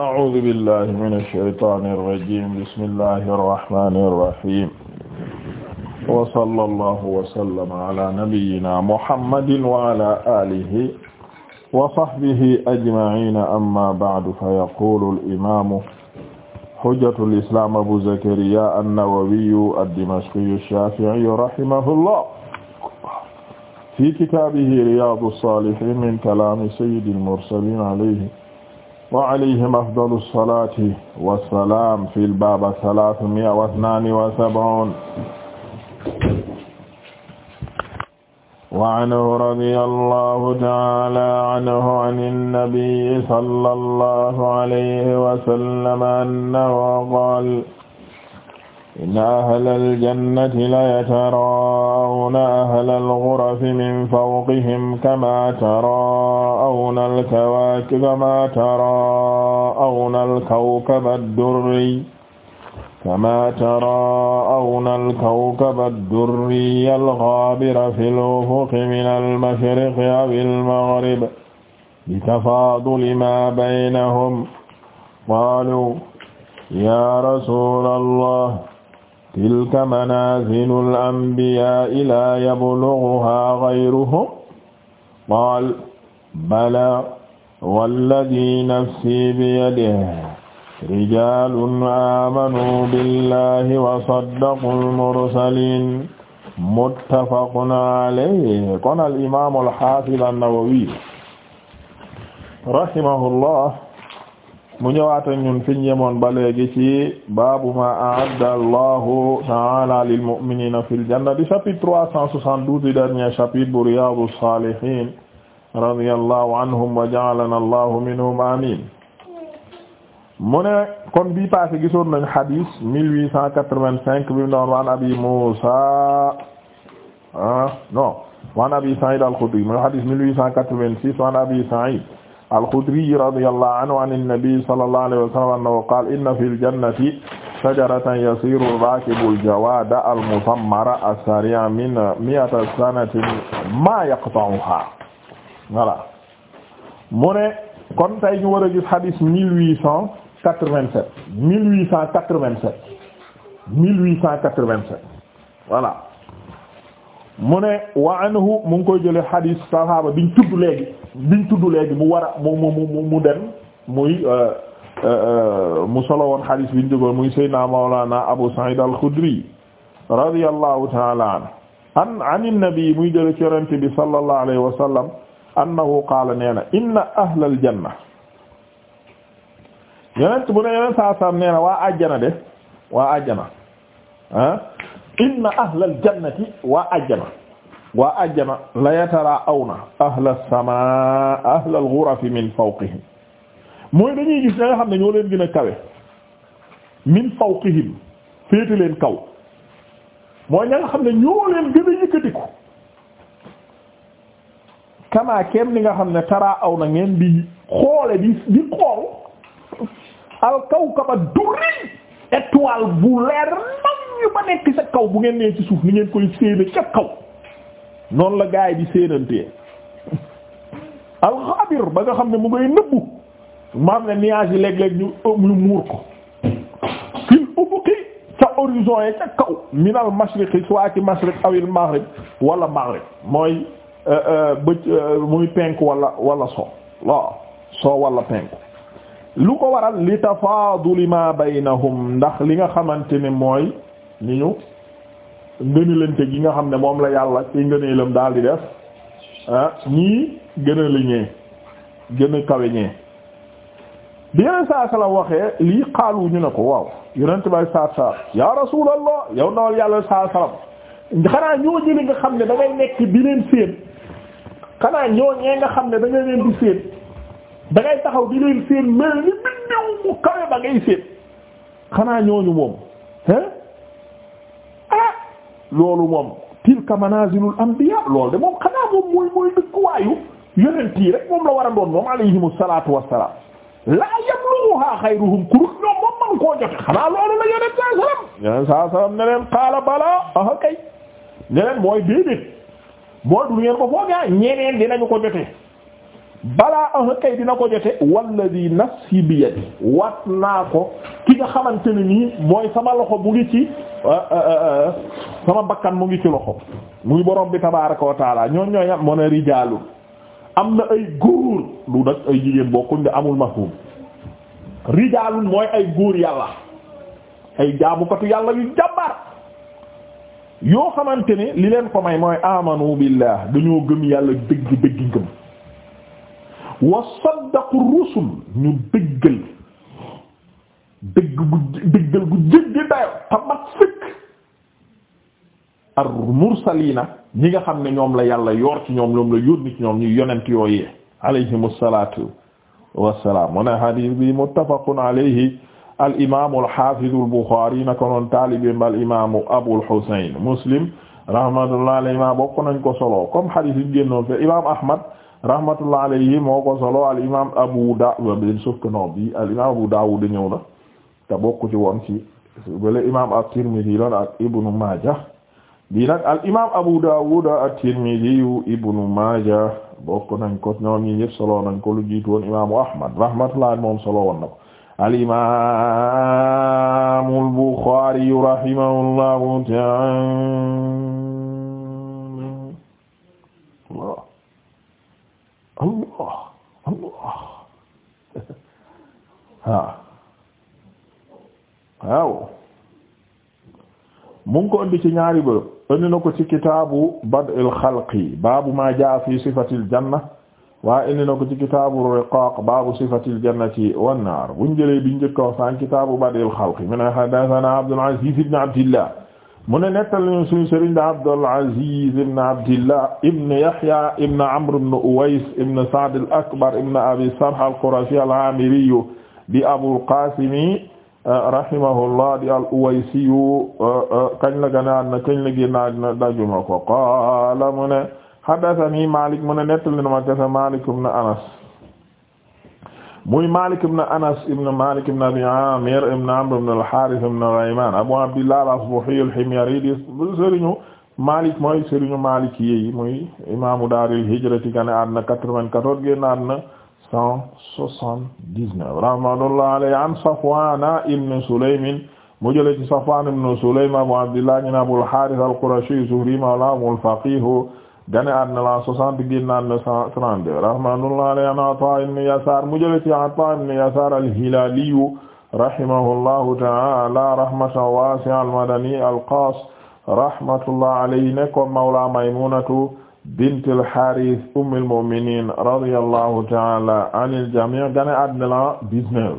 أعوذ بالله من الشيطان الرجيم بسم الله الرحمن الرحيم وصلى الله وسلم على نبينا محمد وعلى آله وصحبه أجمعين أما بعد فيقول الإمام حجة الإسلام أبو زكريا النووي الدمشقي الشافعي رحمه الله في كتابه رياض الصالحين من كلام سيد المرسلين عليه wa alayhim afdalu salaati wa salaam fil baab salaasu mi'a wa isnaani wa sab'uun wa anhu radiyallahu ta'ala anhu anin nabiyyi sallallahu alayhi wa sallam annahu qaala inna ahlal jannati la yatarawna ahlal ghurafi min fawqihim kama tarawna al-kawaakib kama tarawna al-kawkaba ad-durri kama tarawna al-kawkaba ad-durri al-ghaabira fil ufuqi min al-mashriqi aw al-maghrib bi tafaaduli ma baynahum qaalu ya rasuulallah tilka manaazilul anbiyaa'i laa yablughuhaa ghayruhum qaala balaa walladii nafsii biyadihi rijaalun aamanuu billaahi wa saddaqul mursaliin muttafaqun alayhi qaala al imaamul haafiz an-Nawawi rahimahullah mu ñëwaata ñun fiñ yemoon ba léegi ci baabu ma a'adda allahu ta'ala lil mu'minina fil jannati chapitre trois cent soixante-douze dernier chapitre bu Riyadou Salihine radiyallahu anhum wa ja'alana allahu minhum amin mu ne kon bi passé gisoon nañ hadith mille huit cent quatre-vingt-cinq bi doon waan abi Musa ah non waan abi Sa'id al-Khudri mu hadith mille huit cent quatre-vingt-six waan abi Sa'id al-Khudri radiyallahu anhu an an-nabi sallallahu alayhi wa sallam annahu qaala inna fil jannati shajaratan yasiru ar-raakibu al-jawaada al-muthammara as-saari'a min mi'ati sanatin maa yaqta'uhaa voilà mu ne kon tey ñu war a gis hadith mille huit cent quatre-vingt-sept mille huit cent quatre-vingt-sept mille huit cent quatre-vingt-sept voilà mu ne wa anhu mu ngi koy jële hadis sahaaba biñ tudd léegi biñ tudd léegi mu war a mu mu mu mu euh, euh, solo woon hadis biñ jógoon mu sayyidina mawlana abu sa'id al-khudri radiyallahu ta'ala an an an muy jële ci yonent bi sallallahu alayhi wa sallam annahu qaala inna ahlal janna yonent bu ne na waa ajjana de waa ajjana ah inna ahlal jannati waa ajjana waa ajjana la yataraawna ahlal samaa ahlal ghurafi min fawqihim mooy dañuy gis ña nga xam ne ñoo leen gën a kawe min fawqihim féete leen nga xam ne ñoo leen gën li nga xam ne taraawna ngeen di xoole di di xool al kawkaba duri étoile bu leer yu ba nekk sa kaw bu ngeen nee ci suuf ni ngeen koy séena ca kaw noonu la gaay bi séenantee alxabir ba nga xam ne mu ngay nëbbu ma xam ne nuage yi léeg-léeg ñu ñu muur ko fil ufuqi ca horizon yi ca kaw minal mashriqi soit ci awil maghrib wala maghrib mooy euh, euh, bëj euh, muy penk wala wala so waaw so wala penk lu ko waral li tafaaduli ma baynahum ndax li nga xamante ne mooy ni ñu ngënalante gi nga xam ne moom la yàlla ci ngëneelam daal di def ah ñii gën a liñee gën a kawe ñee bi yeneen saa sala waxee lii xaalu ñu ne ko waaw yonent bay saa saa ya rasulallah yow ndawal yàlla saa salam xanaa ñoo ñële nga xam ne da ngay nekk di leen séen xanaa ñoo ñee nga xam ne da ngay leen di taxaw di leen séen mel ni bindiw bu kawe ba ngay séen xanaa ñooñu moom hein loolu moom tilka manazilul anbiya loolu de moom xanaa moom mooy mooy dëkkuwaayu yonent yi rek moom la war a doon moom alayhimu salaatu wassalaam laa yabluha xayruhum kurut ñoom moom man koo jote xanaa loolu la yonent saa salaam yonent saa salaam ne leen balaa aha kay ne mooy déedéet mooy du ngeen ko foogaa ah, ñeneen dinañu ko jote balaa aha kay dina ko jote walladi nafsi bi yadi wat ko ki nga xamante ne nii mooy sama loxo mu ngi ci ah, ah, sama bakkan mu ngi ci loxo muy borom bi tabaaraka wa taala ñooñ ñooy am mën am na ay góor lu nag ay jigéen bokkuñ nga amul mafhum rijaalun mooy ay góor yàlla ay jaamukatu yàlla yu jàmbar yoo xamante ne li leen ko may mooy amanu billah dañoo gëm yàlla dëgg dëgg ngëm wa saddaqu rusul ñu dëggal dëgg gu dëggal gu jëgg dayo tamat sëkk ar mursaliina ñi nga xam ne ñoom la yàlla yor ci ñoom la yónni ci ñoom ñu yonent yooyee alayhimu salaatu wassalaam mu ne hadiis bi muttafaqun alayhi al imaamu al xaafidu al buxaari naka noonu taalibeem al imaamu abul husayn muslim rahmatullah alayhi ma bokk nañ ko solo comme hadiis yi génnoon fe imaam ahmad rahmatullah alayhi moo ko solo al imaam abu daawud sauf que al imaam abu daawud ñëw na te bokk ci woon ci bële imaam at-tirmidhi lan ak ibnu bi nag Abu Dawud at-Tirmidhi ibnu Maaja bokk nañ ko ñoom ñi solo nañ ko lu jiitu woon imaamu Ahmad rahmatullah solo woon na ko Allah Allah ha waaw mu ngi ko indi ci ñaari bërëb indi na ko ci kitaabu bad'il xalqi baabu ma jaa fi sifatil janna waaye indi na ko ci kitaabu riqaaq baabu sifatil jannati wan naar buñ jëlee biñ njëkkaw san kitaabu bad'il xalqi mu ne haddathana Abdul Aziz ibn Abdillah mu ne nettal ñu suñu sëriñ da Abdul Aziz ibn Abdillah ibn Yahya ibn Amr ibn Uways ibn Sa'd al-Akbar ibn Abi Sarh al-Qurashi al-Amiri bi Abul Qasim rahimahullah di al-Uwaysiyu uh, uh, kañ la gannaaw na kañ la génnaaw dajuma ko qaala mu ne haddathanii Maalik mu ne nettali na ma kese Maalik ibn Anas muy Maalik ibn Anas ibn Maalik ibn Abi Aamir ibn Amr ibn al-Haarith ibn Ghaymaan Abu Abdillah al-Asbahi al-Himyari di sëriñu Maalik mooy sëriñu Maalik yi muy imaamu daaril hijra ci gannaaw na 94 génnaaw na. cent soixante-dix-neuf rahmatullah alayhi an Safwana ibn Sulaym mu jële ci Safwan ibn Sulaym Abu Abdillah ibn Abul Harith al-Qurashi Zuhri mawla al-faqih gane àddina la soixante génnaat neuf cent trente-deux rahmatullah alayhi an Ata ibn Yasar mu jële ci Ata ibn Yasar al-Hilali rahimahullahu ta'ala rahmatan wasi'a al-Madani al-Qas rahmatullah alayhi nekkoon mawla Maymunatu bintil Haaris ummil mu'miniin radiyallahu ta'ala anil jamii' gane àddina la 19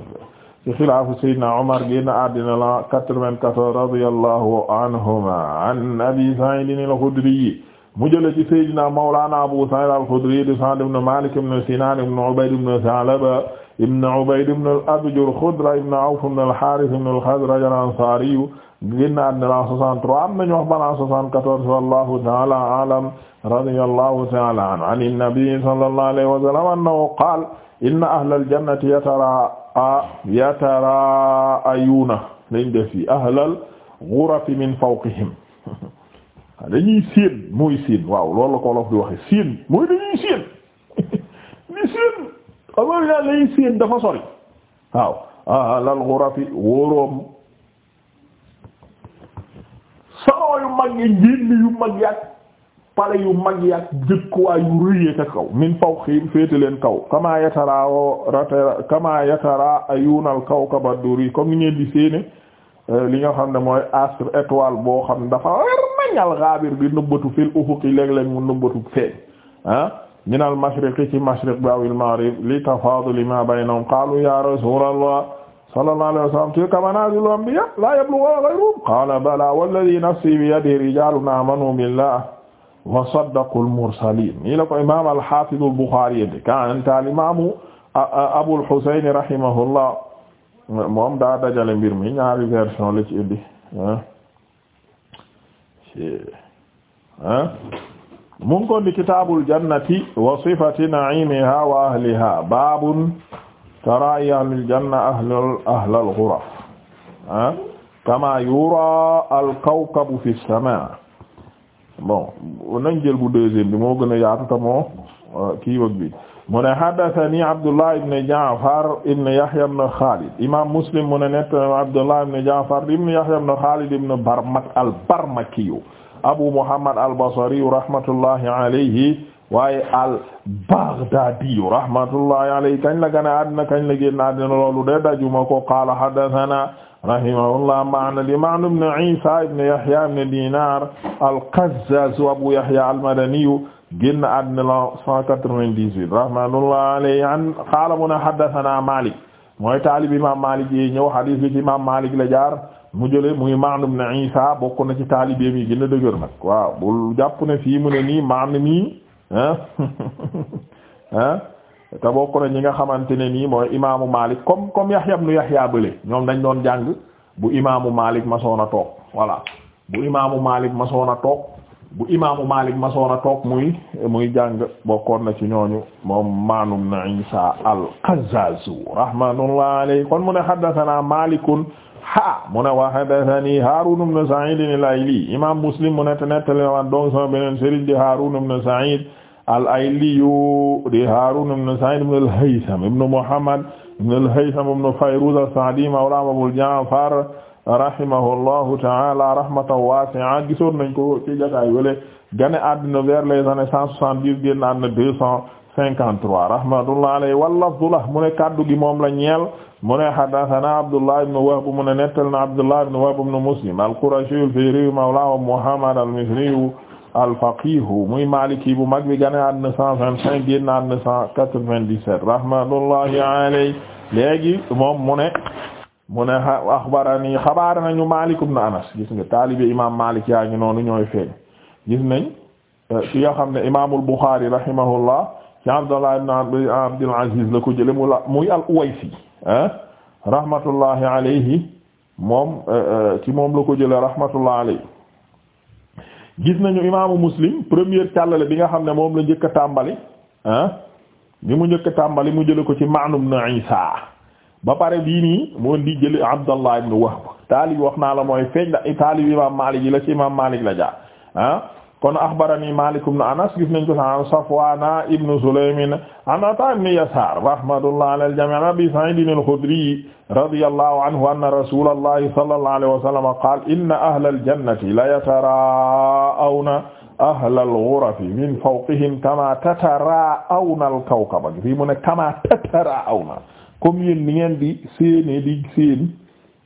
ci xilaafu Seydina Omar génn àddina la 94 radiyallahu anhuma an Abi Sa'iid al-Xudri mu jële ci Seydina Mawlaana Abu Sa'iid al-Xudri di Sa'd ibn Maalik ibn Sinaan ibn Ubayd ibn Sa'laba ibn Ubayd ibn al-Abjar Xudra ibn Awf ibn al-Haaris ibn al-Xazraj al-Ansaari génn àddina la 63 am nañu wax ba la 74 wallahu ta'ala a'lam radiyallahu ta'ala anhu an an-nabi sallallahu alayhi wa sallam annahu qaala inna ahlal jannati yataraa yataraayuuna lañ def fi ahlal ghurafi min fawqihim dañuy séen mooy séen waaw loolu la ko Wolof di waxe séen mooy dañuy séen di séen xam nga dañuy séen dafa sori waaw ahlal ghurafi wóoroom salon yu mag yi njénn yu mag yaak pale yu mag yaak jëkkuwaay yu rëyee ca kaw min fawqihim féete leen kaw kama yatarao ratera kama yatara ayunal kawkaba duri comme ni ngeen di séene euh, li nga xam ne mooy astre étoile boo xam dafa war nañal xaabir bi nëbbatu fil ufuqi léeg-léeg mu nëbbatu feeñ ah min ci mashriq bi awil maghrib li tafaduli ma baynahum qalu ya rasulullah sallallahu alayhi wa sallam tilka manaazil anbiyaa laa yablughuhaa ghayruhum qaala balaa walladhii nafsii biyadihi rijaalun aamanuu billahi wa saddaqul mursaliin nii la ko imaam al-haafiz al-Buxaari yéen kaana al-imaam Abul Husayn rahimahullah moom daa dajale mbir mi ñaari version la ci indi mu ngi ko di kitaabul jannati wa sifati na'iimihaa wa ahlihaa baabun taraa'i ahlil janna ahlal ahlal ghuraf ah kamaa yuraa al kawkabu fi samaa bon nañ jël bu deuxième bi moo gën a yaatu ta moo euh, kii wag bi mu ne haddathanii Abdullah ibn Ja'far ibn Yahya ibn Khalid imaam Muslim mu ne net Abdullah ibn Ja'far ibn Yahya ibn Khalid ibn Barmak al-Barmakiyu Abu Muhammad al-Basriyu rahmatullahi alayhi waaye al Baghdadi rahmatullahi alayhi kañ la gën a addina kañ la génn addina loolu de dajuma ko qaala haddathana rahimahullah Ma'n di Ma'n ibn Isa ibn Yahya ibn Dinar al-Qazzaz Abu Yahya al-Madani génn addina la 198 rahmatullahi alayhi an qaala mun haddathana Malik mooy taalib imam Malik yi ñëw hadith bi ci Malik la jaar mu jële mu Ma'n ibn Isa bokk na ci taalibeem yi gën a dëgër nag waaw bul jàpp ne fii mu ne nii Ma'n mi ah ah te bokk na ñi nga xamante ne nii mooy imaamu Malik comme comme Yahya ibn Yahya bële ñoom dañ doon jàng bu imaamu Malik masoon a toog voilà bu imaamu Malik masoon a toog bu imaamu Malik masoon a toog muy muy jàng bokkoon na ci ñooñu moom maanum na Isa al-Qazazu rahmatullah alayhi kon mu ne haddathana Malikun ha mu ne wa haddathani Harun ibn Sa'id al-Ayli imam Muslim mu ne te nettali na wan donc sama beneen sëriñ di Harun ibn Sa'id al-Ayliyu di Haarun ibn Sa'iid ibn al-Haytham ibn Muhammad ibn al-Haytham ibn Fayruz as-Sa'di mawlaahum Abu Ja'far rahimahullahu ta'ala rahmatan waasi'a gisoon nañ ko ci jotaay wele gane àddina vers les années cent soixante-dix génn àddina deux cent cinquante-trois rahmatullahi alayhi wa lafdu la mu ne kaddu gi moom la ñeel mu ne haddathana Abdullah ibn Wahb mu ne nettal na Muslim al-Qurashi al-Fihri mawlaahu Muhammad al-Misri alfaqihu muy maliki bu mag bi gane àdduna 125 génn àdduna 197 rahmatullahi alayhi léegi moom mu ne mu ne axbarani xabaar nañu Maalik ibn Anas gis nga taalibe imaam Maalik yaa ngi noonu ñooy feeñ gis nañ ci euh, nga xam ne imaamul Buxaari rahimahullah ci Abdullah ibn Abdul Aziz la ko jële mu la muy al-Uwaysi ah rahmatullahi alayhi moom euh, euh, ci moom la ko jële rahmatullahi alayhi gis nañu imaamu muslim première càllale bi nga xam ne moom la jëkk a tàmbali ah bi mu njëkk tàmbali mu jële ko ci maanum na isa ba pare bii nii moo di jële abdallah ibn wahb taalib wax naa la mooy feeñ la taalib imam malik yi la ci imam malik la jaar ah kon axbarani Maalik ibn Anas gis nañ ko sa Safwaana ibn Sulaymin an Ataa ibn Yasaar rahmatullahi alal jamii' an Abii Sa'iidin al-Xudrii radiyallahu anhu anna rasuulallahi sallallahu alayhi wa sallam qaala inna ahlal jannati la yataraa'awna ahlal ghurafi min fawqihim kamaa tataraa'awna al-kawkaba fii mu ne kamaa tataraa'awna comme yéen ni ngeen di séenee di séen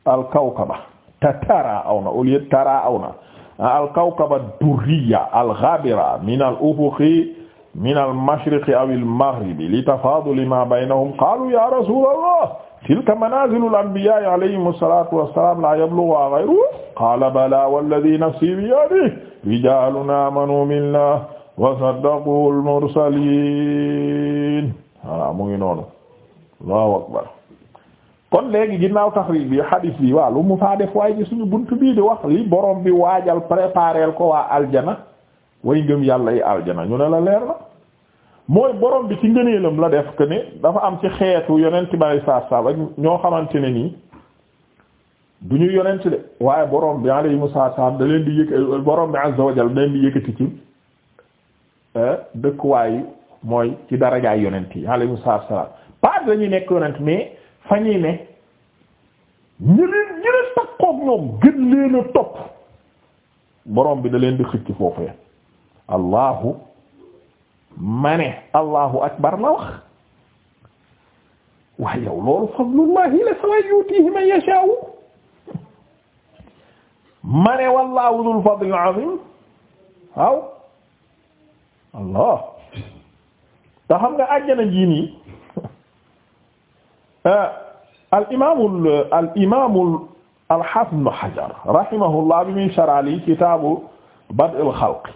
al-kawkaba tataraa'awna au lieu taraa'awna alkawkaba durriya alghabira min al ufuqi min al mashriqi aw al maghribi li tafaaduli ma baynahum qaalu ya rasulallah tilka manaazilu al anbiyaa'i alayhimu salaatu wa salaam laa yablughuhaa ghayruhu qaala balaa walladhii nafsii biyadihi rijaalun aamanuu billahi wa saddaqul mursaliin mu ngi noonu Allahu akbar kon léegi ginnaaw taxriij bi xadiis bi waa lu mu faa def waaye suñu bunt bii di wax li borom bi waajal prépareel ko waa aljana way ngëm yàlla yi aljana ñu ne la leer la mooy borom bi ci ngëneelam la def que ne dafa am ci xeetu yonent bari saa saa ak ñoo xamante ne nii du ñu yonent de waaye borom bi alayhimu salaam da leen di yëkk borom bi azza wa jalla da leen di yëkkati ci euh, dëkkuwaay mooy ci darajaay yonent yi alayhimu salaam pas dañu nekk fa ñuy ne ñu leen a takkook ñoom gën leen a topp borom bi da leen di xëcc foofee allahu ma ne allahu akbar la wax waaye yow loolu fadlullahi la sa waay yutihi man ma ne wallahu dhul fadl allah te xam nga àjjana jii nii Euh, al imaamul al imaamul al haafiz ibn Hajar rahimahullah bi muy sharali kitaabu bad'il xalq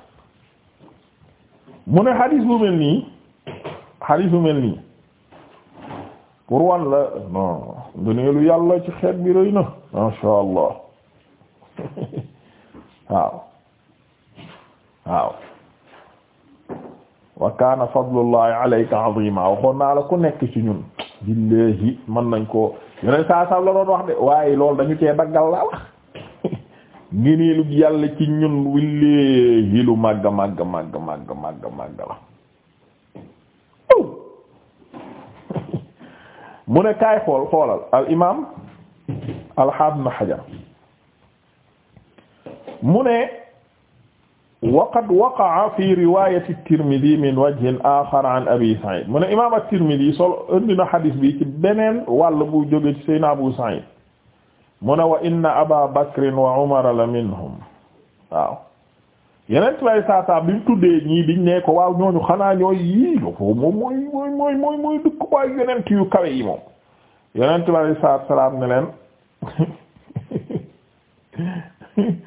mu ne hadis bu mel nii hadis bu mel nii pour wan la non ngëneelu yàlla ci xeet bi rëy na ma sha Allah waaw waaw wa kaana fadlullahi alayka azima waxoon naa la ku nekk ci ñun billaahi mën nañ ko yeneen saa saa la wax de waaye loolu dañu cee daggal laa wax ngëneelu yàlla ci ñun willeehi lu màgg màgg màgg màgg màgg màgg la mu ne kaay xool xoolal al imaam al na xajar mu ne waqad waqa'a fi riwaayati Tirmidi min wajhin aaxar an Abi Saïd mu imaam at-Tirmidi solo indi na bi ci beneen wàll bu jóge ci Seydina Abu Saïd mu wa inna Aba Bakrin wa Umara la minhum waaw yeneen lay saasaam bi mu tuddee ñii biñ ne waaw ñooñu xanaa ñooy yii lofo moom mooy mooy mooy mooy mooy dëkk waay yeneen yu kawe yi moom yeneen lay saat salaam ne leen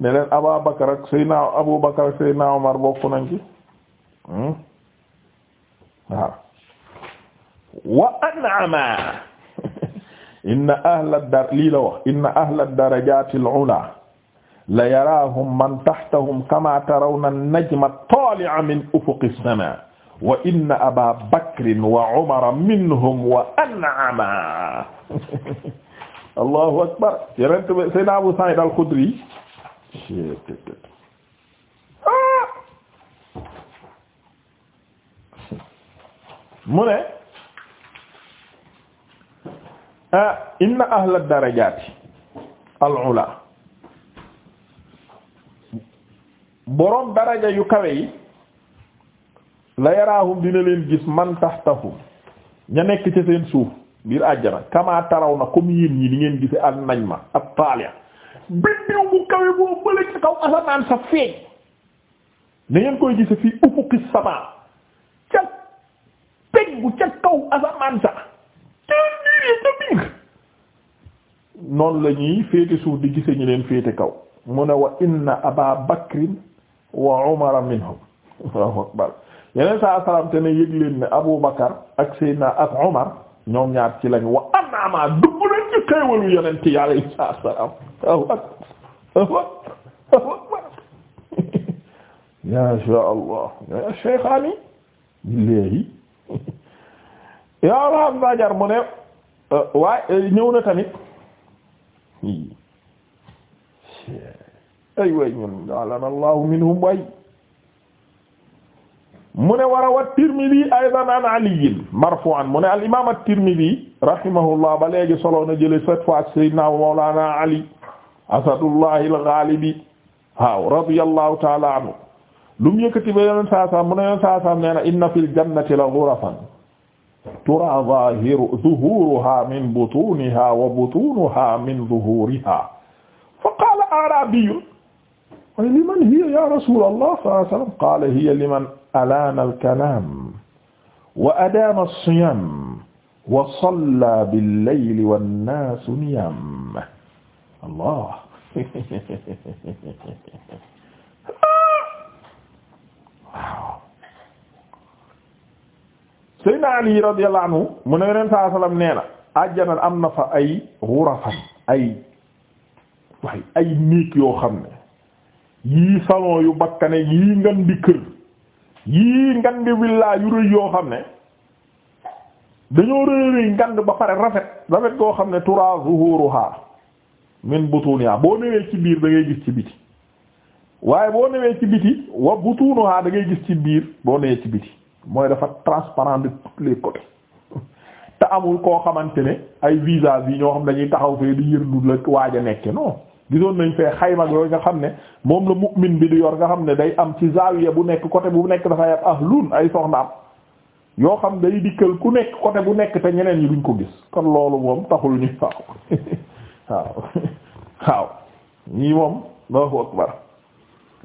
ne leen Abaa Bakar ak Seydina Abu Bakar ak Seydina Omar bokk nañ ci hmm? waaw wa an'ama inna ahla dar lii la wax inna ahla darajati al-ula la yaraahum man tahtahum kama tarawna an-najma at-tali'a min ufuqi as-sama wa inna Aba Bakrin wa Umara minhum wa an'ama Allahu akbar Seydina Abu Sa'id al-Khudri Ah! mu ne ah, inna ahla darajaati al-ula boroom daraja yu kawe yi la yaraahum dina leen gis man taxtahum ña nekk ci seen suuf biir àjjana kama taraw na comme yéen ñi li ngeen gise an najma at-taali'a biddiw bu kawe boo bële ci kaw asamaan sa feeñ na ngeen koy gise fii ufuqi sama ca peg ca kaw asamaan sa ca biir féete suuf di gise ñu leen féete kaw mu ne wa inna aba bakrin wa umara minhum allahu yeneen saa salaam te ne yëg leen ne Abu Bakar ak Seydina ak Umar ñoom ñaar ci lañ wa anama dugg xéewalu yonent yi alayhi salaam waaw waaw yaa shaa allah yaa sheikhaani léegi yaa raxam bajar mu ne euh, waaye euh, ñëw na tamit ay way ñun ja'alana allahu minhum way mu ne war a wa Tirmidhi aydan an Ali marfu'an mu ne al imaam at-Tirmidhi rahimahullah ba léegi solo na jëlee cette fois sayyidina mawlana Ali asadullahi al-ghalibi waaw radiyallahu ta'ala anhu lu mu yëkkati ba yeneen saa saa mu ne yeneen saa saa nee na inna fil jannati la ghurafan turaa zaahiru zuhuruha min butuniha wa butunuha min zuhuriha fa qaala a'rabiyyu liman hiya ya rasulallah sallallahu alayhi wa sallam qaala hiya liman alaana alkalaam wa adaama alsiyam wa salla billayli wannaasu niyaam allah waaw Seydina Ali radiyallahu anhu mu ne Yonent saa sallam nee na àjjana am na fa ay xurafan ay waaye ay néeg yoo xam ne yii salon yu bakkane yii ngan di kër yii ngandi villa yu rëy yoo xam ne dañoo rëy rëy ngand ba pare rafet rafet goo xam ne tura zuhuruha min butuniha boo newee ci biir dangay gis ci biti waaye boo newee ci biti wa butunuha da ngay gis ci biir boo newee ci biti mooy dafa transparent de tous les côtés te amul koo xamante ne ay vis-à-vis ñoo xam dañuy taxaw fee di yërlu la waaj a nekke non gisoon nañ fee xayma yooyu nga xam ne moom la mu'min bi di yor nga xam ne day am ci zaawiya bu nekk côté bu nekk dafay am ahlun ay soxnaam yoo xam day dikkal ku nekk côté bu nekk te ñeneen ñi duñ ko gis kon loolu moom taxul ñuy waaw waaw ñii moom Allahu akbar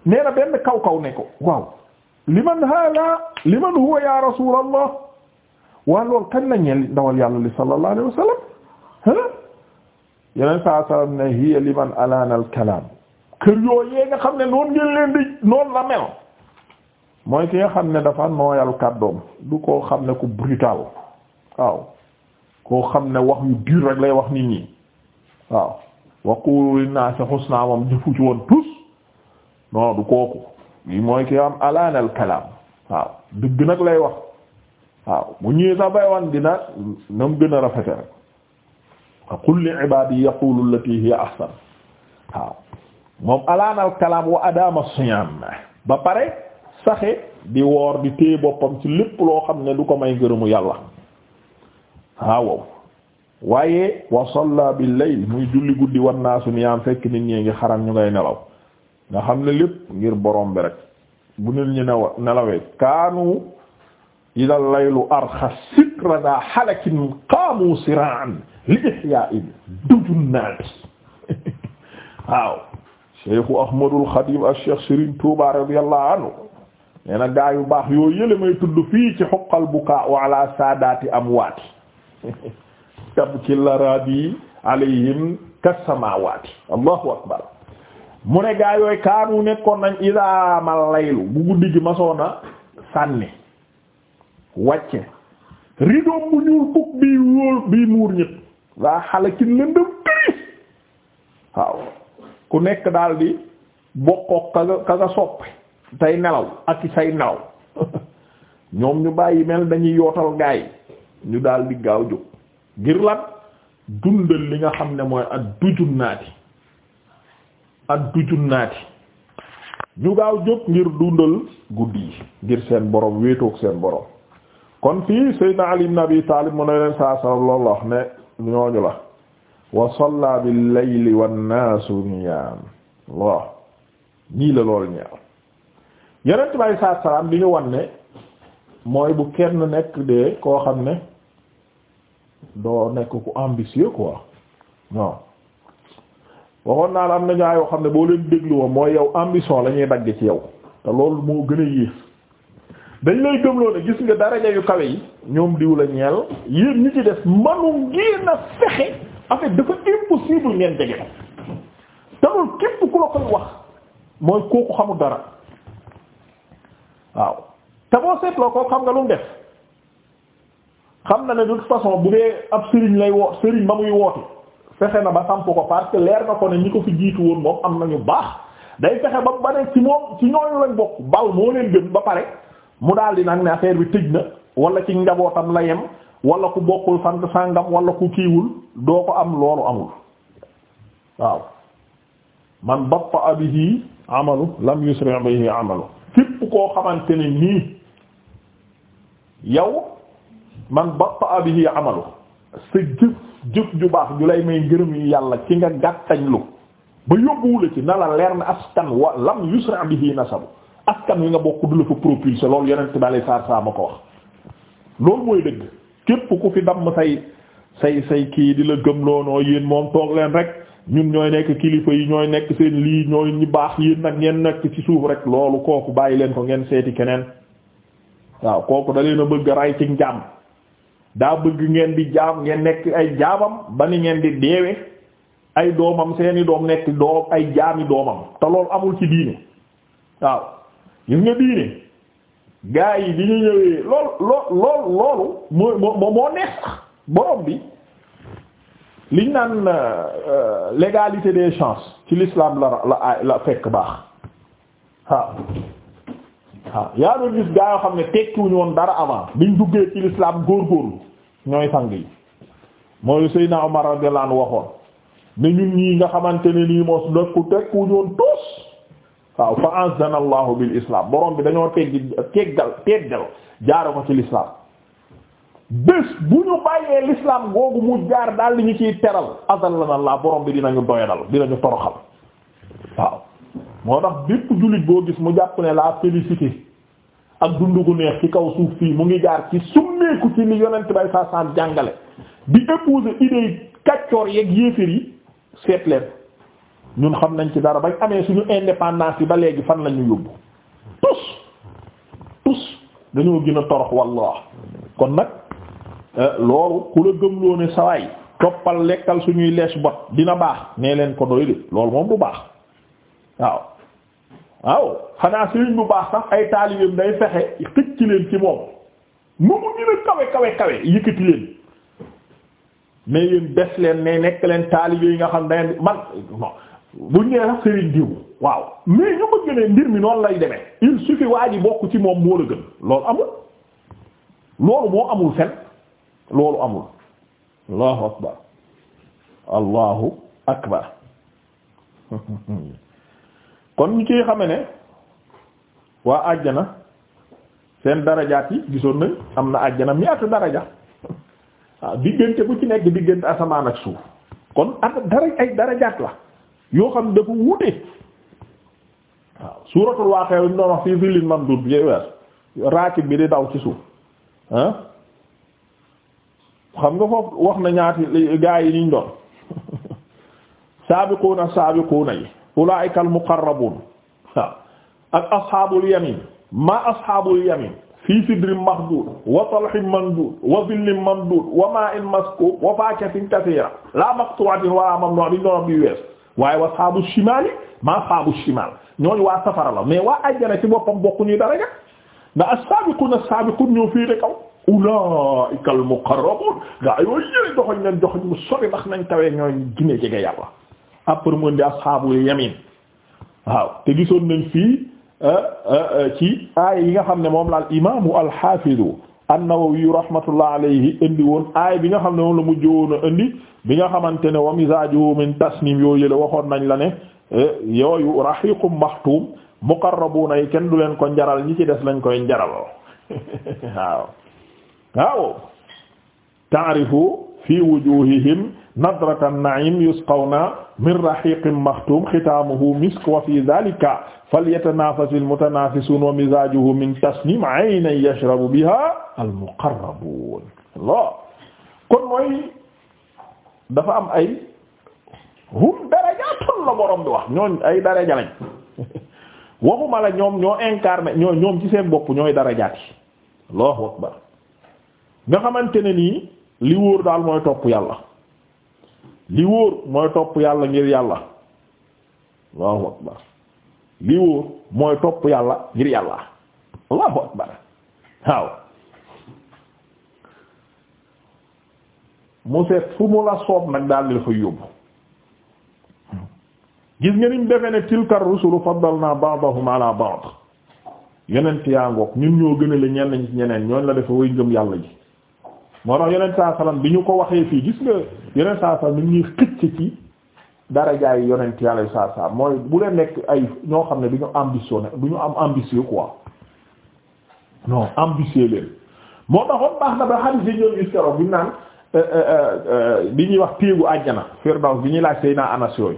nee na benn kaw kaw ne ko waaw liman haala liman huwa ya rasulallah waa loolu kan la ñeel ndawal yàlla li sallallahu alayhi wasallam yeneen saa salaam ne hiya liman alaana al kalaam kër yooyee nga xam ne noonu ngeen leen di noonu la mel mooy ki nga xam ne dafa nooyal kàddoom du koo xam ne ku brutal waaw koo xam ne wax yu dur rek lay wax nit ñi waaw wa qulu linnaasi jëfu ci woon tous non du kooku mooy ki am alaana kalaam waaw dëgg nag lay wax waaw mu ñëwee sax bay wan dina na mu gën a rafete rek fa qul li yaqulu allati hiya ahsan waaw moom alaanal kalaam wa adama siyam ba pare saxe di woor di téye boppam ci lépp loo xam ne du ko may ngërëmu yàlla waaw waaye wa salla bil layl muy julli guddi wan niyaam fekk nit ñi ngi xaram ñu ngay nelaw nga xam ne lépp ngir borom bi rek bu nit ñi nelawee kaanu ila laylu arxas zikra za halakin qaamu siraan li ihyaa'i dujun naas waaw Cheikhu Ahmadul Xadim ak Cheikh Serigne Touba radiyallahu anhu nee na gaa yu baax yoo yële may tudd fii ci xoqal bukaa wa ala saadaati amwaati tab ci laradi alayhim kasamaawaati allahu akbar mu ne gaa yooyu kaanu nekkoon nañ idaamal laylu bu guddi gi masoona sànni wàcce ridoom bu ñuul bukk bii wóol bii muur ñëpp laa xale ci lëndëm këris waaw ku nekk daal di bokkook ka nga ka tey nelaw ak say nelaw ñoom ñu bàyyi mel dañuy yootal gaay ñu daal di gaaw jóg ngir lan dundal li nga xam ne mooy ak dujun naati ak dujun naati ñu gaaw jóg ngir dundal guddi yi ngir seen borom wéetoog seen borom kon fii Seydina Ali ibn Abi Talib mu ne leen saa sallam loolu wax ne ñooñu la wa salla bil layli wannaasu niyaam waaw ñii la loolu ñaaw yenent bay saa salaam li ñu wan mooy bu kenn nekk de koo xam ne doo nekk ku ambitieux quoi non waxoon naa la am na ñaa yoo xam ne boo leen déglu woon mooy yow ambition lañuy ñuy dagg ci yow te loolu moo gën a yées dañ lay gëmloo na gis nga daraja yu kawe yi ñoom diw la ñeel yéen ñi ci des manu ngeen a fexe en dafa impossible ngeen jege ko te loolu képp ku la koy wax mooy kooku xamul dara waaw te boo seetloo kooku xam nga lu mu def xam na ne de toute façon bu dee ab sëriñ lay woo sëriñ ba muy woote fexe na ba samp ko parce que leer na ko ne ñi ko fi jiitu woon moom am na ñu baax day fexe ba ba ne ci moom ci ñooñu lañ bokk bal moo leen gën ba pare. mu daal di nag ne affaire bi tëj na wala ci njabootam la yem wala ku bokkul sant sàngam wala ku kiiwul doo ko am loolu amul waaw man batta bihi amalu lam yusri bihi amalu koo xamante ne nii yow man batta bihi amalu sa jëf jëf ju baax ju lay may ngërëm yu yàlla ci nga gàttañlu ba yóbbuwula ci na la leer na askan wa lam yusri bihi nasabu askan wi nga bokk du la fa propulsé loolu yonent bi saar saa ma ko wax loolu mooy dëgg képp ku fi damm say say say kii di la gëm loonoo yéen moom toog leen rek ñun ñooy nekk kilifa yi ñooy nekk seen lii ñooy ñi baax yéen nag ngeen nekk ci suuf rek loolu kooku bàyyi leen ko ngeen seeti keneen waaw kooku da leen a bëgg ray ci njaam daa bëgg ngeen di jaam ngeen nekk ay jaamam ba ni ngeen di deewe ay doomam seeni doom nekk doom ay jaami doomam te loolu amul ci diine gis nga diine gaa yi bi ñu ñëwee lool loolu moo moo moo neex borom bi liñ naan euh, euh, l'égalité des chances ci l'islam la la la fekk baax waaw waaw yaa doon gis gaa yoo xam ne tekkiwuñu woon dara avant biñ duggee ci l'islam góorgóorlu ñooy sang yi mooy Seydina Omar radiyallahu waxoon ne ñun ñii nga xamante ne nii mos nekku tekkiwuñu waaw fa anzana allahu bil islam borom bi dañoo teggi teggal teggal jaare ko ci l'islam bés bu ñu bàyyee l'islam googu mu jaar daal di ñu ciy teral azallana allah borom bi dinañu doyadal dinañu toroxal waaw moo tax bépp jullit boo gis mu jàpp ne la félicité ak dundu gu neex ci kaw suuf fii mu ngi jaar ci summeeku ci li yonent bay saa saan jàngale di épouser idée yi kàccoor yéeféer yi seet ñun xam nañ ci dara bañ amee suñu indépendance yi ba léegi fan la ñu yóbbu tous tous dañoo gën torox wallah kon nag euh, loolu ku la gëmloo ne sawaay toppal lekkal suñuy lees bot dina baax nee leen ko doy loolu moom bu baax waaw waaw xanaa sëriñ bu baax sax ay taalibeem day fexe xëcc leen ci moom mu mu gën a kawe kawe kawe yëkkati leen mais yéen des leen ne nekk leen taalibe yi nga xam ne man bu ñu nee sax Serigne diw waaw mais ñu bëgg ne mbir mi noonu lay demee il suffit waa ji bokk ci moom moo la gën loolu amul loolu moo amul fen loolu amul allahu akbar kon ñu ciy xame ne waa àjjana seen darajaat yi gisoon nañ am na àjjana mi at daraja waaw ah, diggante bu ci nekk diggante asamaan ak suuf kon at dara ay darajaat la yoo xam dafa wute waaw suuratul Waaqi'a bi mu doon wax bi weer raakib bi di daw ci suuf ah xam nga foofu wax na ñaati gaa yi niñ doon saabiquuna saabiquuna yi ulaa'ikal muqarrabuun waaw ak ashaabul yamiin maa ashaabul yamiin fii sidrin maxduud wa talhin mamduud wa zillin mamduud wa maa'in maskuub wa faakihatin kasiira laa maqtuu'atin wa laa bi ñu waaye wa saabu shimaali maa saabu shimaal ñooñu waa safara la mais waa ajjana ci boppam bokkuñu daraja ndax as-saabiquuna as-saabiquun ñoo féete kaw ulaa'ika al-muqarrabuun gaa yooyu yëre doxoñ leen doxoñ mu sori ndax nañ tawee ñooy gine jege yàlla après di ashaabul yamin waaw te gisoon nañ fii eh, eh, eh, ci aaya yi nga xam ne moom la al imaamu al-haafidu an-Nawawi rahmatullah alayhi indi woon aay bi nga xam ne moom la mujj woon a indi bi nga xamante ne wa mizaajuhu min tasnim yoo yële waxoon nañ la ne eh, yooyu rahiqum maxtuum muqarrabuuna yi kenn du leen ko njaral ñi ci des lañ koy njaral waaw waaw taarifu fi wujuhihim nadratan yusqawna min rahiqin maxtum xitaamuhu misk wa fi dhalika falyatanafasil mutanafisun wa mizajuhu min tasnim aynan yashrabu biha al muqarrabun dafa am ay hum darajaatun la borom bi wax ñooñ ay daraja lañ waxuma la ñoom ñoo incarné ñoo ñoom ci seen bopp ñooy darajaat yi Allahu akbar nga xamante ne nii li wóor daal mooy topp yàlla li wóor mooy topp yàlla ngir yàlla Allahu akbar li wóor mooy topp yàlla ngir yàlla waaw mu seet fu mu la soob nag daal di la fa yóbbu gis nga niñ defe ne tilkar rusulu faddalna ba'dahum ala ba'd yonent yaa ngoog ñun ñoo gën a la ñenn ñi ci ñeneen ñoo la defe way ngëm yàlla ji moo tax yonent saa salaam bi ko waxee fii gis nga yonent saa salaam ñuy xëcc ci dara jaay yonent yàlla saa saa mooy bu leen nekk ay ñoo xam ne du ñu ambitionné du ñu am ambitieux quoi non ambitieux leen moo taxoon baax na ba xalis yi ñoo gis keroog bi naan Euh, euh, euh, bi ñuy wax téegu àjjana firdaws bi ñuy laaj sëy naa anas yooyu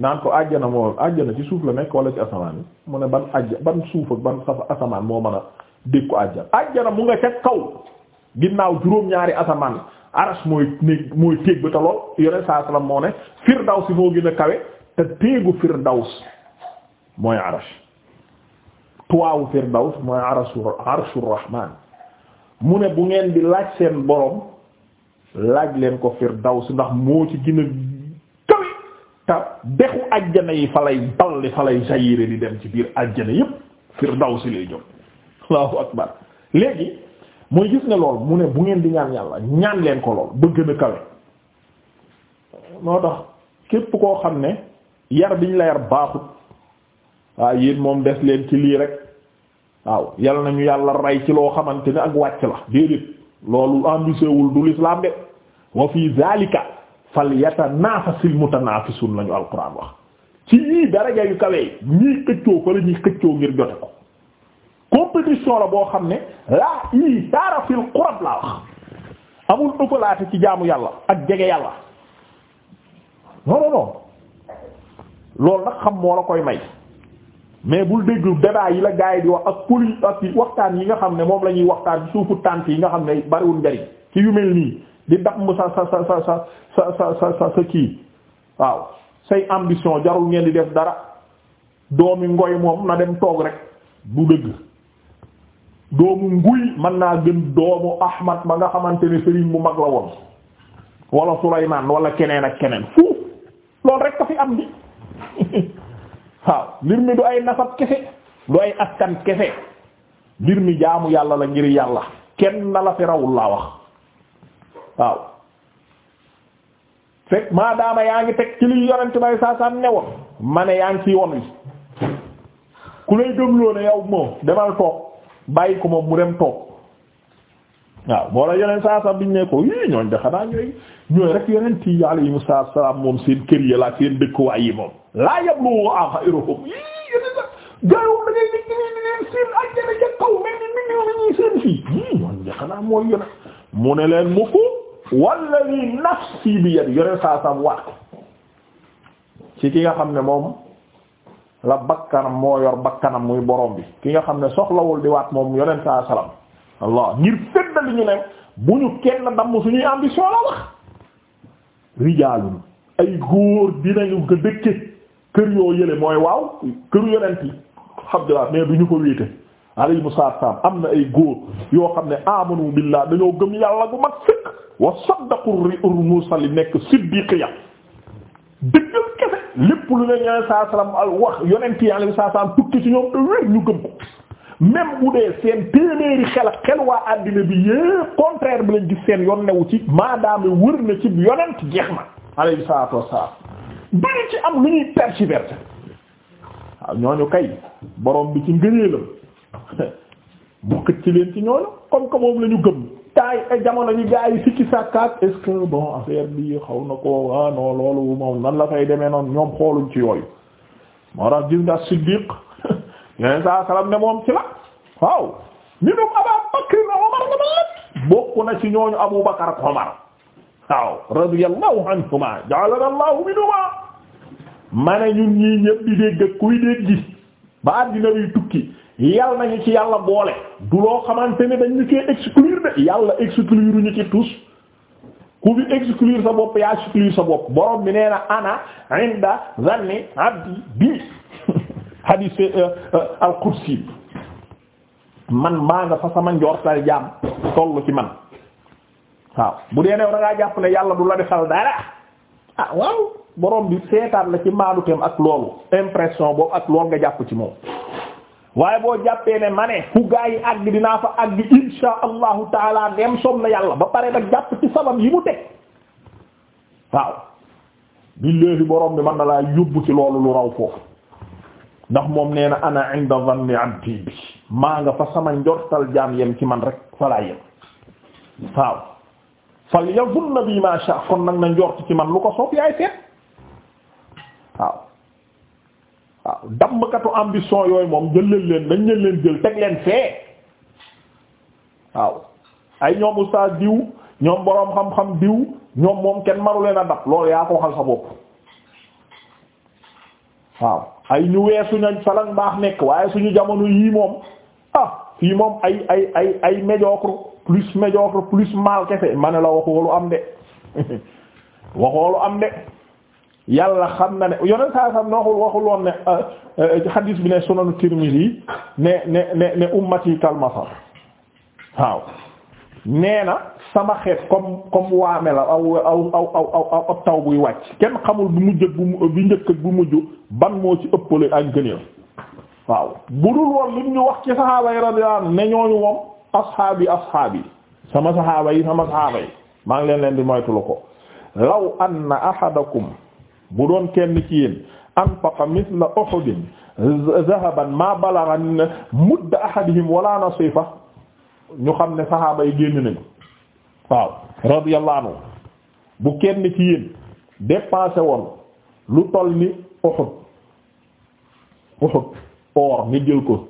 naan ko àjjana moo àjjana ci suuf la nekk wala ci asamaan yi mu ne ban àjj ban suuf ak ban safa asamaan moo mën a dégg ko àjjana àjjana mu nga ca kaw ginnaaw juróom-ñaari asamaan aras mooy néeg mooy téeg ba te lool yoneen saa sallam moo ne firdaws moo gën a kawe te téegu firdaws mooy aras tuwaawu firdaws mooy arasu arshur rahman mu ne bu ngeen di laaj seen borom laaj leen ko si ndax moo ci gën a kawe te dexu ajjana yi fa lay balli fa lay sayire di dem ci biir ajjana yépp daw firdaws lay jot allahu akbar léegi mooy gis nga lool mu ne bu ngeen di ñaan yàlla ñaan leen ko lool ba gën a kawe moo tax képp koo xam ne yar biñ la yar baaxut waaw yéen moom des leen ci lii rek waaw yal nañu yàlla rey ci loo xamante ne ak wàcc la déedéet loolu ambitieux wul du l'islam de wa fi zalika falyatanafasil mutanafisun lañu alquran wax ci yii daraja yu kawe ñii xëccoo fa la xëccoo ngir jote ko compétition la boo xam ne laa ii saara fil qurab laa wax amul ëppalaate ci jaamu yàlla ak jege yàlla non non non loolu xam moo la koy may mais bul déglu débat yi la gars yi di wax ak poli ak waxtaan yi nga xam ne moom la ñuy waxtaan suufu tànk yi nga xam ne bariwul njariñ ci yu mel nii di damm sa sa sa sa sa sa sa sa sa kii waaw say ambition jarul ngeen di def dara doomi ngoy moom na dem toog rek bu dëgg doomu nguy mën naa gën doomu ahmad ma nga xamante ne sëriñ bu mag la woon wala Sulaymaan wala keneen ak keneen fuuf loolu rek ka am bi waaw mbir mi du ay nasab kese du ay askan kese mbir mi jaamu yàlla la ngir yàlla kenn na la fi rawul laa wax waaw fekk maadaama yaa ngi teg ci liy yonent bay saasaan ne woon ma ne yaa ngi ciy won wi ku lay gëmloo ne yow moom demal toog bàyyi ko moom mu dem toog waaw moo la yeneen saa saa biñ ne ko yii ñooñ de xanaa ñooy ñooy rek yeneen ti alayhimu salaam moom seen kër ya laa seen dëkkuwaay yi moom laa yablu moom yii yeneen sa gaawum da ngay nii mu ne leen mukk walladi nafsi bi yadi yeneen saa saa waat ko ci ki nga xam ne moom la bakkanam moo yor bakkanam muy borom bi ki nga xam ne soxlawul di waat moom yeneen saa salaam allah ngir lu ñu ne bu ñu kenn damm suñuy ambition la wax rijaalun ay góor dinañu ko dëkke kër yoo yële mooy waaw këru yonent yi Abdullah mais du ñu ko wéete alayhi salaam am na ay góor yoo xam ne amanu billah dañoo gëm yàlla bu mag fekk wa saddaqu nekk siddiqiya dëggal kese lépp lu leen wax yonent yi alayhi salaam tukki ci ñoom te wér ñu gëm même bu dee seen téeméeri xel xel waa àddina bi yépp contraire bi lañ gis seen yoon newu ci maadaame wër na ci yonent jeex na alayhi saato wassalaam duñu ci am lu ñuy persévérer waaw ñooñu kay borom bi ci ngëneelam bu xëcc leen ci ñooñu comme que moom la ñu gëm taay ay eh, jamono gaa yi sikki sàkkaat est-ce que bon affaire bi xaw na ko ah non loolu moom nan la fay demee noonu ñoom xooluñ ci yooyu moo tax gis nga Siddiq yeneen saa salaam ne moom ci la waaw ñu ne na Umar bokk na ci ñooñu Abu Bakr ak Umar waaw radiyallahu anhuma ja'alana Allahu minhuma ma ne ñun ñii ñëpp di kuy dégg ba àddina bi tukki yal nañu ci yàlla boole du loo xamante ne dañ ñu koy exclure de yàlla exclure ñu ci tous ku fi exclure sa bopp yaa exclure sa bopp borom bi nee ana inda zanni abdi bi hadith euh, euh, al man maa nga fa sama njortal jaam tollu ci man waaw bu dee new da ngaa jàpp ne yàlla du la defal dara ah waaw borom bi seetaat la ci maanuteem ak loolu impression boobu ak loolu nga jàpp ci moom waaye boo jàppee ne ma ne yi àgg dinaa fa àgg insha allahu taala dem som na yàlla ba pare nag jàpp ci sabab yi mu teg waaw billahi borom bi mën na laa yóbbu ci loolu lu raw foofu ndax moom nee na ana inda dhanni abdi bi maa nga fa sama njortal jaam yem ci man rek falaa yem waaw fal yazunna bi ma sha kon nag na njort ci man lu ko soob yaay seet waaw waaw dammkatu ambition yooyu moom jëlal leen dañ leen leen jël teg leen fee waaw ay ñoom oustaz diw ñoom boroom xam-xam diw ñoom moom kenn maru leen a dab loolu yaa ko waxal sa bopp waaw ay ñu weesu ñoñ falan baax nekk waaye suñu jamono yii moom ah fii moom ay ay ay ay médiocre plus médiocre plus mal kese ma ne la waxoolu am de waxoolu am de yàlla xam na ne yoneen saa sam ne waxul waxul woon ne ah, eh, hadis bi ne sunanu Tirmidhi ne ne ne ne ummati kalmasar waaw nee na sama xeet comme comme waame la aw aw aw aw aw taw buy wàcc kenn xamul bu mujj ak bi njëkk ak bu mujj ban moo ci ëppale ak gëneel waaw bu dul woon lim ñu wax ci saxaaba yi ne ñooñu moom asxaabi asxaabi sama saxaaba yi sama saxaaba yi maa ngi leen leen di moytu lu ko law anna ahadakum bu doon kenn ci yéen anfaqa mithla uhudin zahaban ma balagha mudda ahadihim wala nasifa ñu xam ne saxaaba yi génn nañu waaw radiyallahu anhu bu kenn ci yéen dépensé woon lu toll ni Uhud Uhud or ni jël ko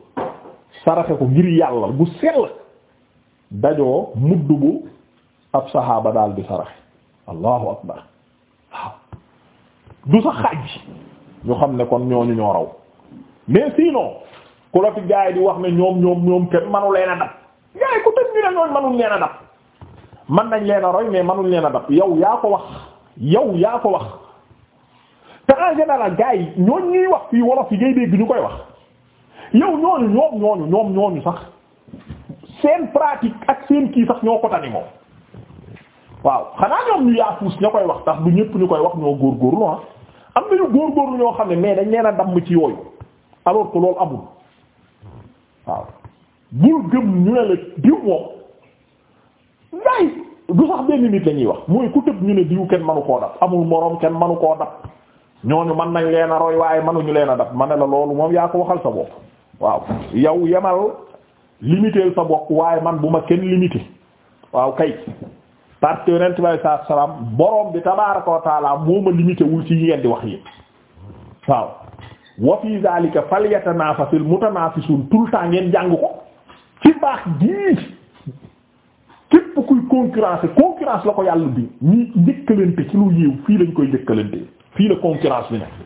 saraxe ko ngir yàlla bu sell dajoo mudd bu ab saxaaba daal di saraxe allahu akbar waaw du sa xaaj ñu xam ne kon ñooñu ñoo raw mais ku la fi gaay di wax ne ñoom ñoom ñoom kenn manu leen gars yi ku tëj ñu ne ñooñu mënuñ leen a dab mën nañ leen a roy mais mënuñ leen a dab yow yaa ko wax yow yaa ko wax te en général gars yi ñooñ ñuy wax fii wolof yi ngay dégg ñu koy wax yow ñooñu ñoom ñooñu ñoom ñooñu sax seen pratique ak seen kii sax ñoo ko tani moom waaw xanaa ñoom ñu yaafuus ña koy wax tax du ñëpp ñu koy wax ñoo góor ah am nañu góorgóorlu ñoo xam ne mais dañ leen a damm ci yooyu alors ko loolu amul waaw bul gëm ñu ne la diw moom ngay du sax benn nit lañuy wax mooy ku tëb ñu ne diw kenn manu koo dab amul moroom kenn manu koo dab ñooñu mën nañ leen a roy waaye manuñu leen a daf ma ne la loolu moom yaa ko waxal sa bopp waaw yow yemal limiteel sa bopp waaye man bu ma kenn limité waaw kay parce que yonent bi alayhi salaatu salaam borom bi tabaaraka wa taala moo ma limité wul ci ngeen di wax yi waaw wa fi zaalika falyatanafasil mutanafisun tout le temps ngeen jàng ko ci baax gii képp kuy concurrence concurrence la ko yàlla bi ñi njëkkalante ci lu yiw fii lañ koy njëkkalante fii la concurrence bi nekk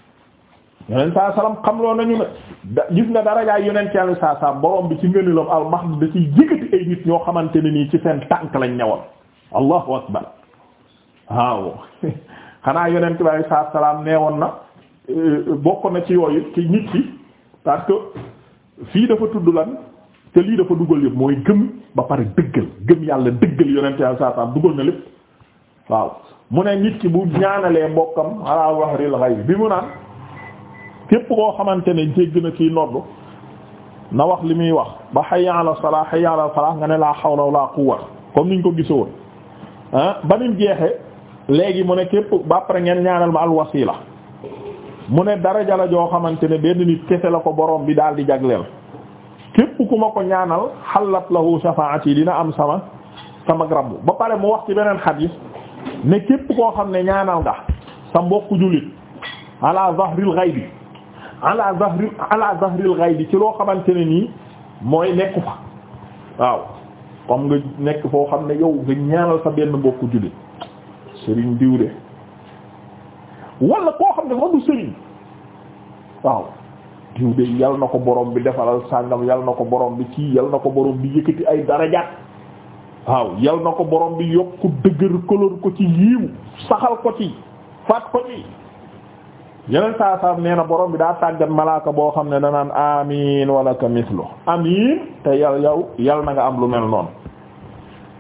yonent saa salaam xamloo nañu ne da gis nga dara yaay yonent yàlla saa saa borom bi ci ngëneelam al mahd da ciy yëkkati ay nit ñoo xamante ne nii ci seen tànk lañ ñëwoon allahu akbar waaw xanaa yonent bi alayhi salaatu salaam nee woon na euh, bokk na ci yooyu ci nit ki parce que fii dafa tudd lan te lii dafa dugal yëpp mooy gëm ba pare dëggal gëm yàlla dëggal yonent yàlla saa saa dugal na lépp waaw mu ne nit ki bu ñaanalee mbokkam ala wahril ghayb koo xamante ne jégg na kii noddu na wax li muy wax ba hayya ala salah hayya nga ne laa hawla wala quwwa comme niñ ko gisoon ah ba nim léegi mu ne képp ba pare ngeen ñaanal ma al la mu ne daraja la joo xamante ne benn nit kese la ko borom bi daal di jagleel képp ku ma ko ñaanal xalat lahu shafaati dina am sama sama rabb ba pare mu wax ci beneen yi ne képp koo xam ne ñaanal nga sa mbokku jullit ala zahril ghaibi ala zahril ala zahril ghaibi ci loo xamante ne nii mooy nekku fa waaw comme nga nekk foo xam ne yow nga ñaanal sa benn mbokku jullit sëriñ diw de wala koo xam ne fa sëriñ waaw diw de yal na ko borom bi defalal sàngam yal na ko borom bi kii yal na ko borom bi yëkkati ay darajaat waaw yal na ko boroom bi yokk ko dëgër koloor ko ci yiiw saxal ko ci faat ko ci yeneen saa saa nee na borom bi daa tàggat malaaka boo xam ne danaan amiin wala ka mislu amiin te yal yow yal na nga am lu mel noonu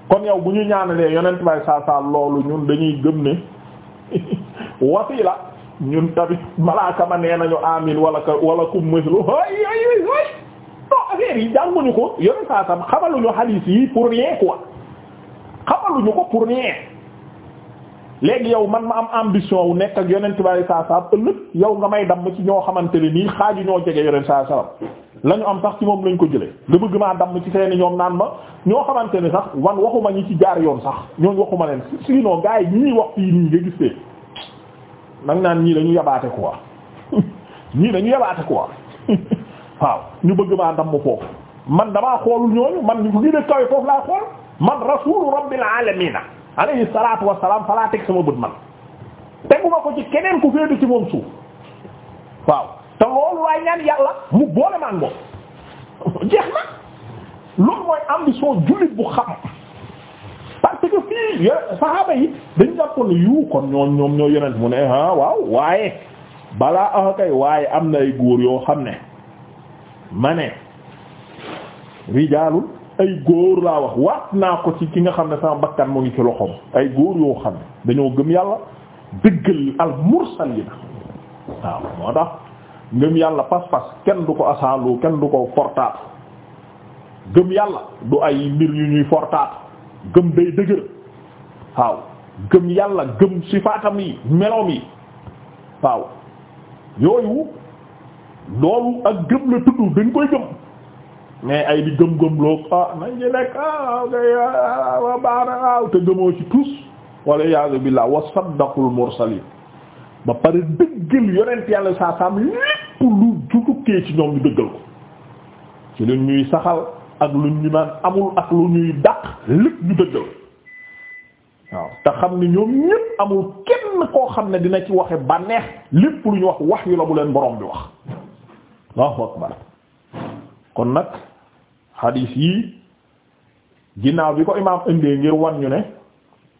kon yow bu ñu ñaanalee yonent bay saa saa loolu ñun dañuy gëm ne wasila ñun tamit malaaka ma nee nañu amin wala ka wala kum mislu ay ay ay non affaire yi jànguñu ko yone saa sam xamaluñu xadiis yi pour rien quoi xamaluñu ko pour rien léegi yow man ma am ambition wu nekk ak yonent bi saa saam ëllëg yow nga may damm ci ñoo xamante ne nii xaaju ñoo jege yonent saa saam la ñu am sax ci moom lañ ko jëlee nga bëgg maa damm ci seeni ñoom naan ma ñoo xamante ne sax wan waxuma ñi ci jaar yoon sax ñooñ waxuma leen sinon gars yi ñi ñuy wax fii nii nga nag naan ñii dañu yabaate quoi ñii dañu yabaate quoi waaw ñu bëgg maa damm foofu man damaa xoolul ñooñu man ñu ngi ne kawe foofu laa xool man rasuulu rabbil aalamiina alayhi salaatu wassalaam fa laa teg sama bët man teguma ko ci keneen ku féete ci moom suuf waaw te loolu waay ñaan yàlla mu boole maa ngoom jeex na loolu mooy ambition jullit bu xam parce que fii yo sahaaba yi yu kon ñoom ñoom ñoo yonent mu ne ah waaw waaye balaa ah kay waaye am na ay góor yoo xam ne ma ne rijaalul ay góor laa wax waat naa ko ci ki nga xam ne sama bakkan mu ngi ci loxoom ay góor yoo xam ne dañoo gëm yàlla dëggal al mursalina waaw moo tax ngëm yàlla pas-pas kenn du ko asaalu kenn du ko fortaat gëm yàlla du ay mbir yu ñuy fortaat gëm day dëgër waaw gëm yàlla gëm sifaatam yi meloom yi waaw yooyu loolu ak gëm la tudd dañ koy gëm mais ay di gëm-gëm loo ah nañ ci lekk ah, ah wa baax na waaw te gëmoo ci tous wala yaasu billah wa saddaqul mursalin ba pare dëggal yonent yàlla saa saam lépp lu jutukee ci ñoom ñu dëggal ko ci lu ñuy saxal ak lu ñu naan amul ak lu ñuy dàq lépp ñu dëggal waaw te xam ne ñoom ñépp amul kenn koo xam ne dina ci waxe bànneex lépp lu ñu wax wax yu la bu leen borom bi wax Allahu akbar kon nag xadiis yii ginnaaw bi ko imaam indee ngir wan ñu ne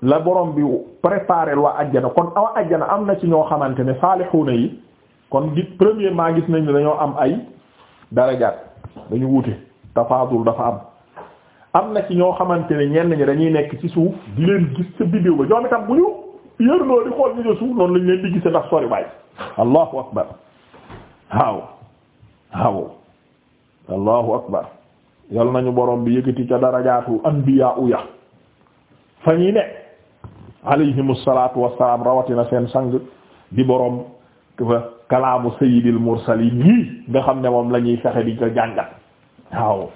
la borom bi préparé wa ajjana kon awa ajjana am na ci ñoo xamante ne saalixuuna yi kon gis premièrement gis nañ ne dañoo am ay darajaat dañu wute tafaadul dafa am am na ci ñoo xamante ne ñenn ñi dañuy nekk ci suuf di leen gis ca biddiw ba ñoom itam bu ñu yërnoo di xool ñu suuf noonu leen di gise ndax sori waay allahu akbar waaw waaw allahu akbar yal nañu borom bi yëkkati ca darajaatu anbiyaa uya fa ñuy ne alayhimu salaatu wassalaam rawatina seen sang di borom kalaamu sayyidil mursaliin yii nga xam ne moom la ñuy fexe di ko jàngat waaw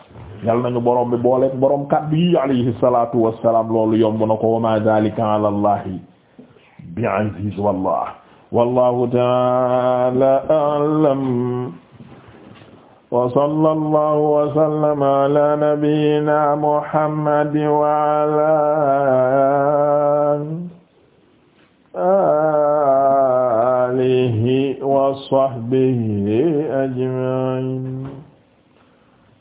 yal nañu borom bi booleeg borom kàddu yi alayhi salatu wassalam loolu yomb na ko wa ma zalika ala allahi bi aziz wallah wallahu ta'ala a'lam wa sallallahu wa sallama ala nabiyyina muhammad wa ala alihi wa sahbihi ajma'in